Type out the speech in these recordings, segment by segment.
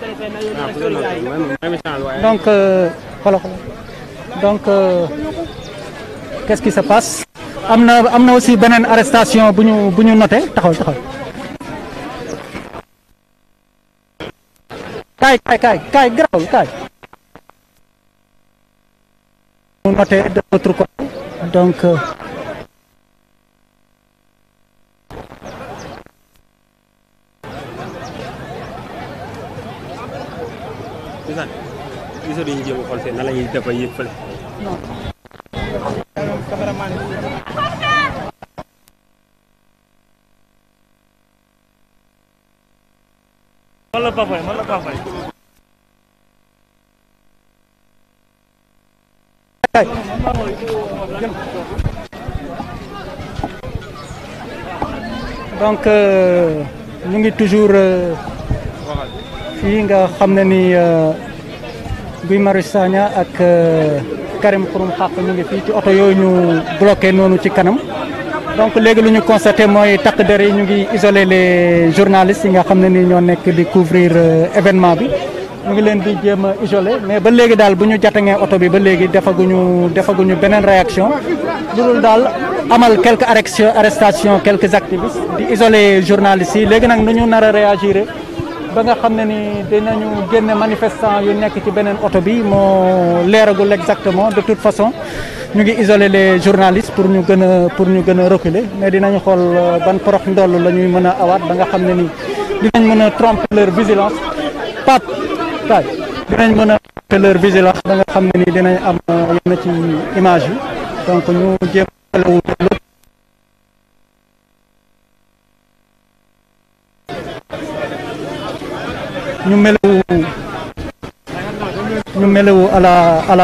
donc xolo euh, xolo donc euh, qu'est-ce qui se passe am na am na aussi beneen arrestation bu ñu bu ñu noté taxawal taxawal kaay kaay kaay kaay garawul kaay ñu noté de l'autre donc euh, xool fii donc euh, ñu ngi toujours euh, fii nga xam ne euh, Guy Marius Sagna ak euh, Karim Xurum Xaq ñu ngi fii ci oto yooyu ñu bloqué noonu ci kanam donc léegi lu ñu constaté mooy takk der yi ñu ngi isolé les journalistes yi nga xam ne nii ñoo nekk di couvrir euh, événement bi ñu ngi leen di jéem a isolé mais ba léegi daal bu ñu jatangee oto bi ba léegi defaguñu defaguñu beneen réaction loolu daal amal quelques arrestations quelques activistes di isolé journalistes yi léegi nag nu ñu nar a ba nga xam ne ni dinañu génne manifestant yu nekk ci beneen oto bi moo leeragul exactement de toute façon ñu ngi isoler les journalistes pour ñu gën a pour ñu gën a reculer mais dinañu xool euh, ban porox ndoll la ñuy mën a awaat ba nga xam ne ni dinañ mën a tromper leur vigilance pap tay dinañ mën a tromper leur vigilance ba xam ne ni dinañ am euh, yenn ci image yi donc ñu jéem alewu ñu melewu ñu melewu à la à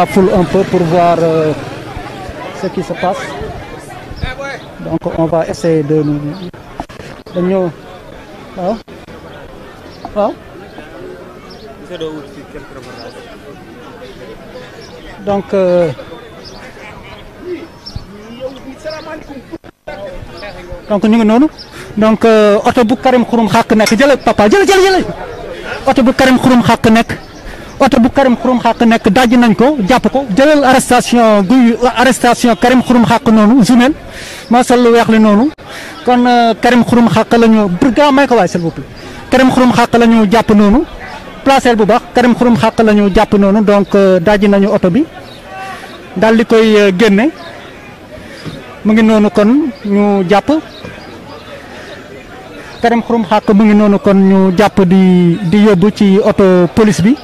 un peu pour voir euh, ce qui se passe donc on va essayer de dañoo waaw donc euh, ñu ngi noonu donc euh, oto bu Karim Xurum Xàq nekk jële papa jële jële oto bu Karim Xurum xaq nekk oto bu Karim Xurum xaq nekk daj nañ ko jàpp ko jëlal arrestation guy arrestation Karim Xurum xaq noonu jumel ma sol lu weex li noonu kon euh, Karim Xurum xaq lañu ñu may ko waay s'il vous plaît Karim Xàq la jàpp noonu placel bu baax Karim Xurum Xàq la ñu jàpp noonu donc euh, daj nañu oto bi daal di koy euh, génne mu ngi noonu kon ñu jàpp Karim Xurum Xàq mu ngi noonu kon ñu jàpp di di yóbbu ci oto police bi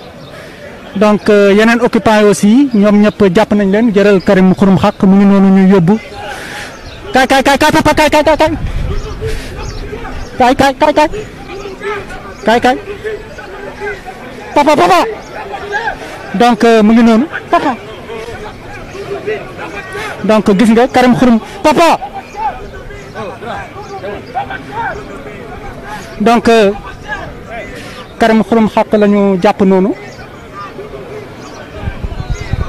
donc euh, yeneen occupants yi ñoom ñëpp jàpp nañ leen jëral Karim Xurum Xàq mu ngi noonu ñu yóbbu kaay kaay kaay kaay papa kaay kaay kaay kaay kaay kaay kaay kaay papa papa donc euh, mu ngi noonu papa donc gis nga Karim Xurum papa donc euh, Karim Xurum Xaq lañu jàpp noonu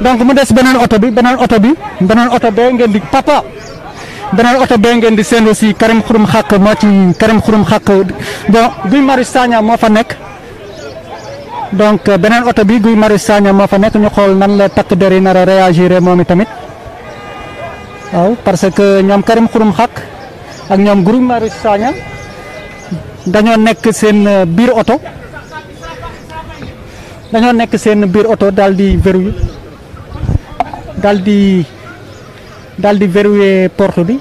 donc mu des beneen oto bi beneen oto bi beneen oto bee ngeen di papa beneen oto bee ngeen di seen aussi Karim Xurum Xaq moo ci Xaq bon Guy Marius Sagna moo fa nekk donc euh, beneen oto bi Guy Marius Sagna moo fa nekk ñu xool nan la takk der yi nar a réagir moom i tamit waaw parce que ñoom Karim Xurum Xaq ak ñoom Guy Marius Sagna dañoo nekk seen euh, biir oto dañoo nekk seen biir oto daal di verrouillé daal di daal di verrouillé porte bi.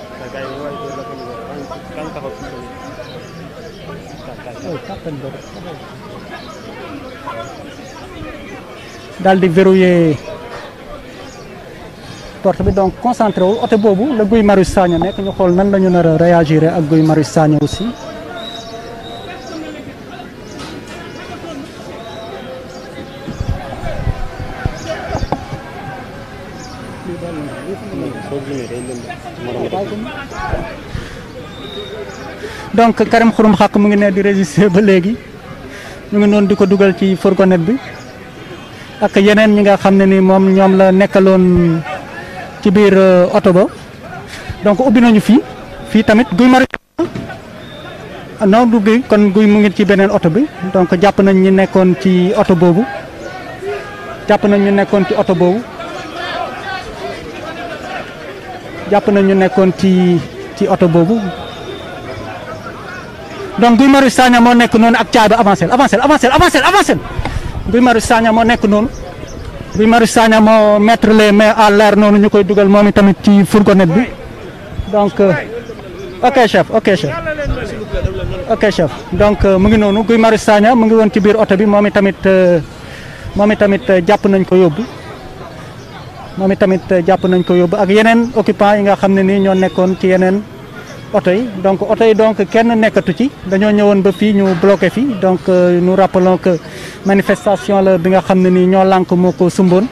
daal di verrouillé bi donc concentré wu oto boobu la Guy Marius Sagna nekk ñu xool nan la ñu nar réagir ak Guy Marius Sagna aussi. donc Karim Xurum Xaq mu ngi ne di résister ba léegi mu ngi noonu di ko dugal ci fourgonnette bi ak yeneen ñi nga xam ne ni moom ñoom la nekkaloon ci biir euh, oto ba donc ubbi nañu fii fii tamit guy mari non du guy kon guy mu ngi ci beneen oto bi donc jàpp nañ ñu nekkoon ci oto boobu jàpp nañ ñu nekkoon ci oto boobu jàpp na ñu nekkoon ci ci oto boobu donc Guy Marius Sagna moo nekk noonu ak Thiaba avancé avancé avancé avancé avancé Guy Marius Sagna moo nekk noonu Guy Marius Sagna moo mettre les mains à l'air noonu ñu koy dugal moom tamit ci fourgonnette bi donc euh, ok chef ok chef ok chef donc euh, mu ngi noonu Guy Marius Sagna mu ngi woon ci biir oto bi moom tamit euh, moom tamit jàpp nañ ko yóbbu. moom tamit eh, jàpp nañ ko yóbbu ak yeneen occupant yi nga xam ne nii ñoo nekkoon ci yeneen oto yi donc oto yi donc kenn nekkatu ci dañoo ñëwoon ba ñu bloqué fii donc euh, nous rappelons manifestation la bi nga xam ne nii ñoo lànk moo sumboon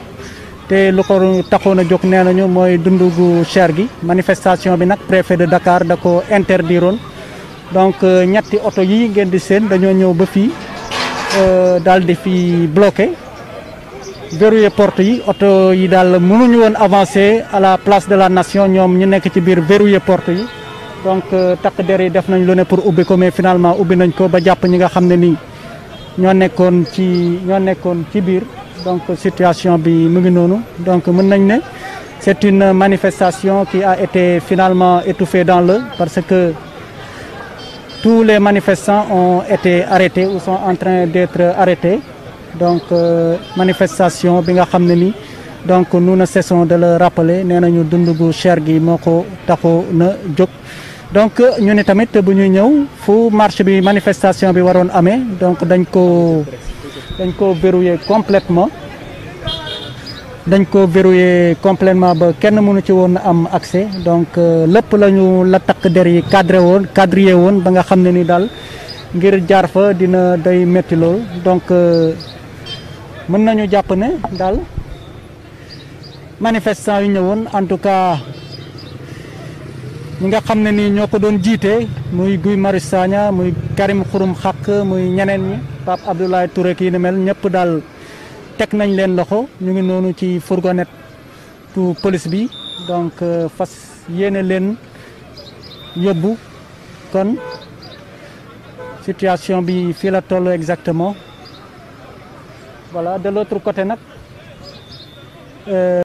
te lu ko taxoon a jóg nee nañu mooy dundu gu gi manifestation bi nag préfet de Dakar da ko interdiroon donc euh, ñetti oto yi ngeen di seen dañoo ñëw ba fii euh, daal di fi bloqué verrouillé porte yi oto yi daal mënuñu woon avancer à la place de la nation ñoom ñu nekk ci biir verrouillé porte yi donc euh, takk der yi def nañ lu ne pour ubbi ko mais finalement ubbi nañ ko ba jàpp ñi nga xam ne nii ñoo nekkoon ci ñoo nekkoon ci biir donc situation bi mu ngi noonu donc mën nañ ne c'est une manifestation qui a été finalement étouffée dans le parce que tous les manifestants ont été arrêtés ou sont en train d'être arrêtés donc euh, manifestation bi nga xam ne ni donc nu na cessons de le rappeler nee nañu dund gu cher gi moo ko taxoo na jóg. donc ñu ne tamit bu ñuy ñëw fu marche bi manifestation bi waroon amee donc dañ ko dañ ko verrouiller complètement dañ ko verrouiller complètement ba kenn mënu ci woon am accès donc euh, lépp la ñu la takk der yi cadré woon cadrier woon ba nga xam ne ni daal ngir jaar fa dina day métti loolu donc euh, mën nañu jàpp ne daal manifestant yu ñëwoon en tout cas ñi nga xam ne nii ñoo ko doon jiite muy Guy Marius Sagna muy Karim Xurum Xaq muy ñeneen ñi Pape Abdoulaye Touré kii ni mel ñëpp daal teg nañ leen loxo ñu ngi noonu ci fourgonnette tu police bi donc euh, fas yéene leen yóbbu kon situation bi fii la toll exactement voilà de l'autre côté nag euh,